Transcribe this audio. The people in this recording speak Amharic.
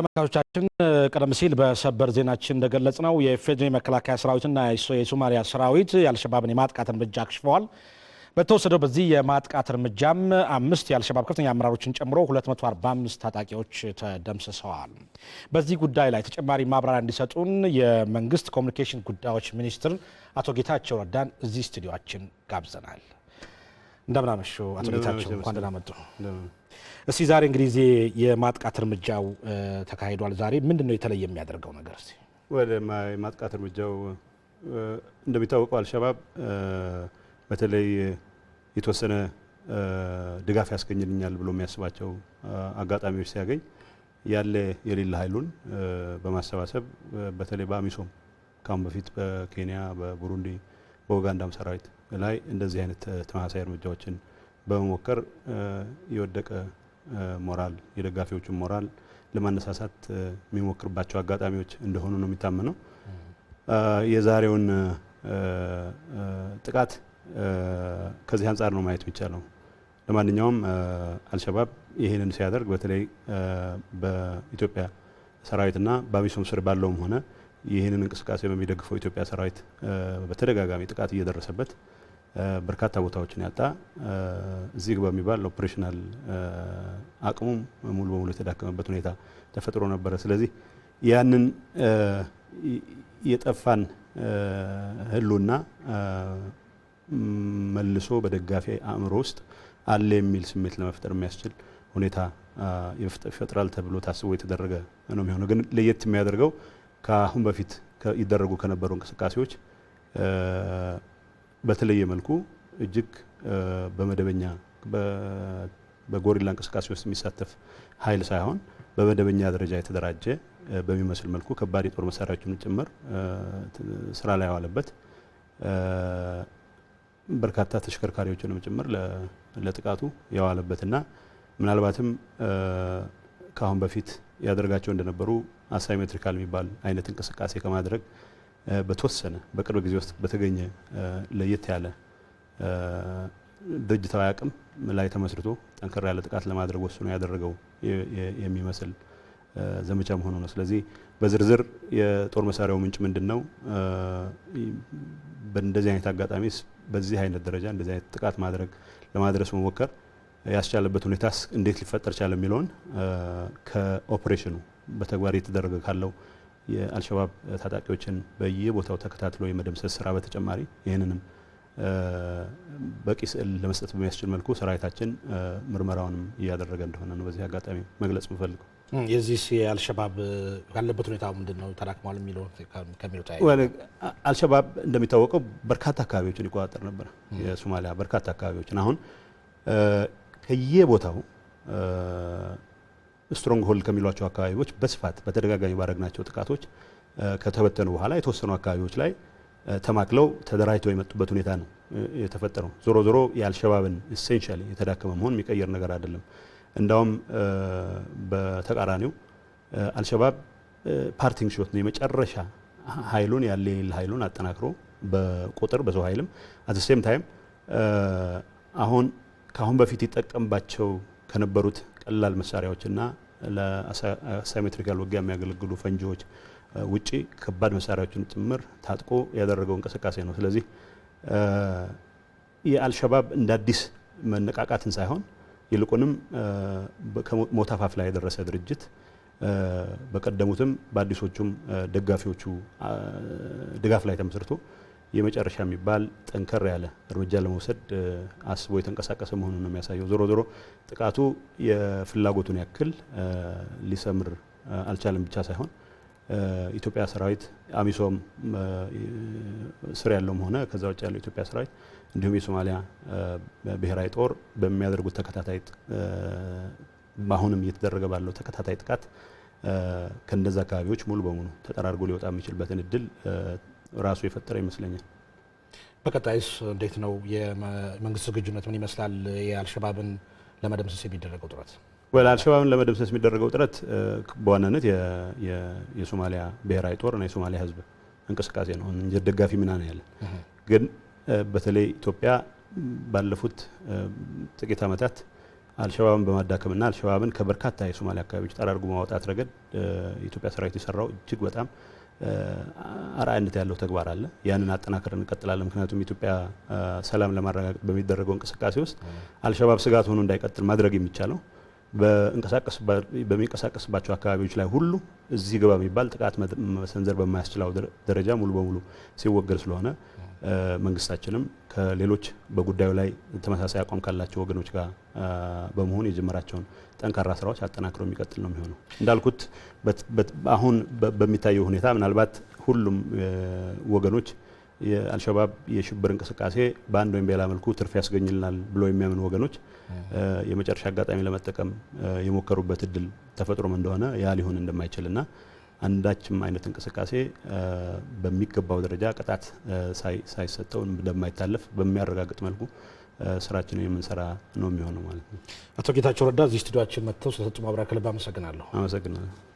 ተመልካቾቻችን ቀደም ሲል በሰበር ዜናችን እንደገለጽ ነው የኢፌዴሪ መከላከያ ሰራዊትና የሶማሊያ ሰራዊት የአልሸባብን የማጥቃት እርምጃ አክሽፈዋል። በተወሰደው በዚህ የማጥቃት እርምጃም አምስት የአልሸባብ ከፍተኛ አመራሮችን ጨምሮ 245 ታጣቂዎች ተደምስሰዋል። በዚህ ጉዳይ ላይ ተጨማሪ ማብራሪያ እንዲሰጡን የመንግስት ኮሚኒኬሽን ጉዳዮች ሚኒስትር አቶ ጌታቸው ረዳን እዚህ ስቱዲዮችን ጋብዘናል። እንደምናመሹ አቶ ጌታቸው እንኳን ደህና መጡ። እስቲ ዛሬ እንግዲህ ዜ የማጥቃት እርምጃው ተካሂዷል። ዛሬ ምንድን ነው የተለየ የሚያደርገው ነገር? እስቲ ወደ የማጥቃት እርምጃው እንደሚታወቀው አልሸባብ በተለይ የተወሰነ ድጋፍ ያስገኝልኛል ብሎ የሚያስባቸው አጋጣሚዎች ሲያገኝ ያለ የሌለ ኃይሉን በማሰባሰብ በተለይ በአሚሶም ከአሁን በፊት በኬንያ በቡሩንዲ በኡጋንዳም ሰራዊት ላይ እንደዚህ አይነት ተመሳሳይ እርምጃዎችን በመሞከር የወደቀ ሞራል የደጋፊዎችን ሞራል ለማነሳሳት የሚሞክርባቸው አጋጣሚዎች እንደሆኑ ነው የሚታመነው። የዛሬውን ጥቃት ከዚህ አንጻር ነው ማየት የሚቻለው። ለማንኛውም አልሸባብ ይህንን ሲያደርግ በተለይ በኢትዮጵያ ሰራዊትና በአሚሶም ስር ባለውም ሆነ ይህንን እንቅስቃሴ በሚደግፈው ኢትዮጵያ ሰራዊት በተደጋጋሚ ጥቃት እየደረሰበት በርካታ ቦታዎችን ያጣ እዚህ በሚባል ኦፕሬሽናል አቅሙም ሙሉ በሙሉ የተዳከመበት ሁኔታ ተፈጥሮ ነበረ። ስለዚህ ያንን የጠፋን ህልውና መልሶ በደጋፊ አእምሮ ውስጥ አለ የሚል ስሜት ለመፍጠር የሚያስችል ሁኔታ ይፈጥራል ተብሎ ታስቦ የተደረገ ነው የሚሆነው ግን ለየት የሚያደርገው ከአሁን በፊት ይደረጉ ከነበሩ እንቅስቃሴዎች በተለየ መልኩ እጅግ በመደበኛ በጎሪላ እንቅስቃሴ ውስጥ የሚሳተፍ ኃይል ሳይሆን በመደበኛ ደረጃ የተደራጀ በሚመስል መልኩ ከባድ የጦር መሳሪያዎች ጭምር ስራ ላይ ያዋለበት በርካታ ተሽከርካሪዎችንም ጭምር ለጥቃቱ የዋለበትና ምናልባትም ከአሁን በፊት ያደርጋቸው እንደነበሩ አሳይሜትሪካል የሚባል አይነት እንቅስቃሴ ከማድረግ በተወሰነ በቅርብ ጊዜ ውስጥ በተገኘ ለየት ያለ ድርጅታዊ አቅም ላይ ተመስርቶ ጠንከር ያለ ጥቃት ለማድረግ ወስኖ ያደረገው የሚመስል ዘመቻ መሆኑ ነው። ስለዚህ በዝርዝር የጦር መሳሪያው ምንጭ ምንድን ነው፣ በእንደዚህ አይነት አጋጣሚስ በዚህ አይነት ደረጃ እንደዚህ አይነት ጥቃት ማድረግ ለማድረስ መሞከር ያስቻለበት ሁኔታ እንዴት ሊፈጠር ቻለ የሚለውን ከኦፕሬሽኑ በተግባር እየተደረገ ካለው የአልሸባብ ታጣቂዎችን በየቦታው ተከታትሎ የመደምሰስ ስራ በተጨማሪ ይህንንም በቂ ስዕል ለመስጠት በሚያስችል መልኩ ሰራዊታችን ምርመራውንም እያደረገ እንደሆነ ነው በዚህ አጋጣሚ መግለጽ የምፈልገው። የዚህ የአልሸባብ ያለበት ሁኔታ ምንድን ነው? ተዳክሟል የሚለው አልሸባብ እንደሚታወቀው በርካታ አካባቢዎችን ይቆጣጠር ነበር። የሶማሊያ በርካታ አካባቢዎችን አሁን ከየቦታው ስትሮንግ ሆልድ ከሚሏቸው አካባቢዎች በስፋት በተደጋጋሚ ባረግናቸው ጥቃቶች ከተበተኑ በኋላ የተወሰኑ አካባቢዎች ላይ ተማክለው ተደራጅተው የመጡበት ሁኔታ ነው የተፈጠረው። ዞሮ ዞሮ የአልሸባብን ኢሴንሻል የተዳከመ መሆን የሚቀየር ነገር አይደለም። እንዳውም በተቃራኒው አልሸባብ ፓርቲንግ ሾት ነው የመጨረሻ ኃይሉን ያለ የሌለ ኃይሉን አጠናክሮ በቁጥር በሰው ኃይልም አት ሴም ታይም አሁን ከአሁን በፊት ይጠቀምባቸው ከነበሩት ቀላል መሳሪያዎችና ለአሳሜትሪካል ውጊያ የሚያገለግሉ ፈንጂዎች ውጪ ከባድ መሳሪያዎችን ጭምር ታጥቆ ያደረገው እንቅስቃሴ ነው። ስለዚህ የአልሸባብ እንደ አዲስ መነቃቃትን ሳይሆን ይልቁንም ከሞት አፋፍ ላይ የደረሰ ድርጅት በቀደሙትም በአዲሶቹም ደጋፊዎቹ ድጋፍ ላይ ተመስርቶ የመጨረሻ የሚባል ጠንከር ያለ እርምጃ ለመውሰድ አስቦ የተንቀሳቀሰ መሆኑን ነው የሚያሳየው። ዞሮ ዞሮ ጥቃቱ የፍላጎቱን ያክል ሊሰምር አልቻለም ብቻ ሳይሆን ኢትዮጵያ ሰራዊት አሚሶም ስር ያለውም ሆነ ከዛ ውጭ ያለው ኢትዮጵያ ሰራዊት እንዲሁም የሶማሊያ ብሔራዊ ጦር በሚያደርጉት ተከታታይ አሁንም እየተደረገ ባለው ተከታታይ ጥቃት ከእነዚ አካባቢዎች ሙሉ በሙሉ ተጠራርጎ ሊወጣ የሚችልበትን እድል ራሱ የፈጠረ ይመስለኛል። በቀጣይስ እንዴት ነው የመንግስት ዝግጁነት ምን ይመስላል? የአልሸባብን ለመደምሰስ የሚደረገው ጥረት አልሸባብን ለመደምሰስ የሚደረገው ጥረት በዋናነት የሶማሊያ ብሔራዊ ጦር እና የሶማሊያ ህዝብ እንቅስቃሴ ነው። እንጀር ደጋፊ ሚና ያለ ግን በተለይ ኢትዮጵያ ባለፉት ጥቂት ዓመታት አልሸባብን በማዳከምና አልሸባብን ከበርካታ የሶማሊያ አካባቢዎች ጠራርጎ ማውጣት ረገድ የኢትዮጵያ ሰራዊት የሰራው እጅግ በጣም አርአያነት ያለው ተግባር አለ። ያንን አጠናክር እንቀጥላለን። ምክንያቱም ኢትዮጵያ ሰላም ለማረጋገጥ በሚደረገው እንቅስቃሴ ውስጥ አልሸባብ ስጋት ሆኖ እንዳይቀጥል ማድረግ የሚቻለው በሚንቀሳቀስባቸው አካባቢዎች ላይ ሁሉ እዚህ ግባ የሚባል ጥቃት መሰንዘር በማያስችለው ደረጃ ሙሉ በሙሉ ሲወገድ ስለሆነ መንግስታችንም ከሌሎች በጉዳዩ ላይ ተመሳሳይ አቋም ካላቸው ወገኖች ጋር በመሆን የጀመራቸውን ጠንካራ ስራዎች አጠናክሮ የሚቀጥል ነው የሚሆነው። እንዳልኩት አሁን በሚታየው ሁኔታ ምናልባት ሁሉም ወገኖች የአልሸባብ የሽብር እንቅስቃሴ በአንድ ወይም በሌላ መልኩ ትርፍ ያስገኝልናል ብሎ የሚያምኑ ወገኖች የመጨረሻ አጋጣሚ ለመጠቀም የሞከሩበት እድል ተፈጥሮም እንደሆነ ያ ሊሆን እንደማይችልና አንዳችም አይነት እንቅስቃሴ በሚገባው ደረጃ ቅጣት ሳይሰጠው እንደማይታለፍ በሚያረጋግጥ መልኩ ስራችን የምንሰራ ነው የሚሆነው ማለት ነው። አቶ ጌታቸው ረዳ እዚህ ስቱዲዮችን መጥተው ስለሰጡ ማብራሪያ ከልብ አመሰግናለሁ። አመሰግናለሁ።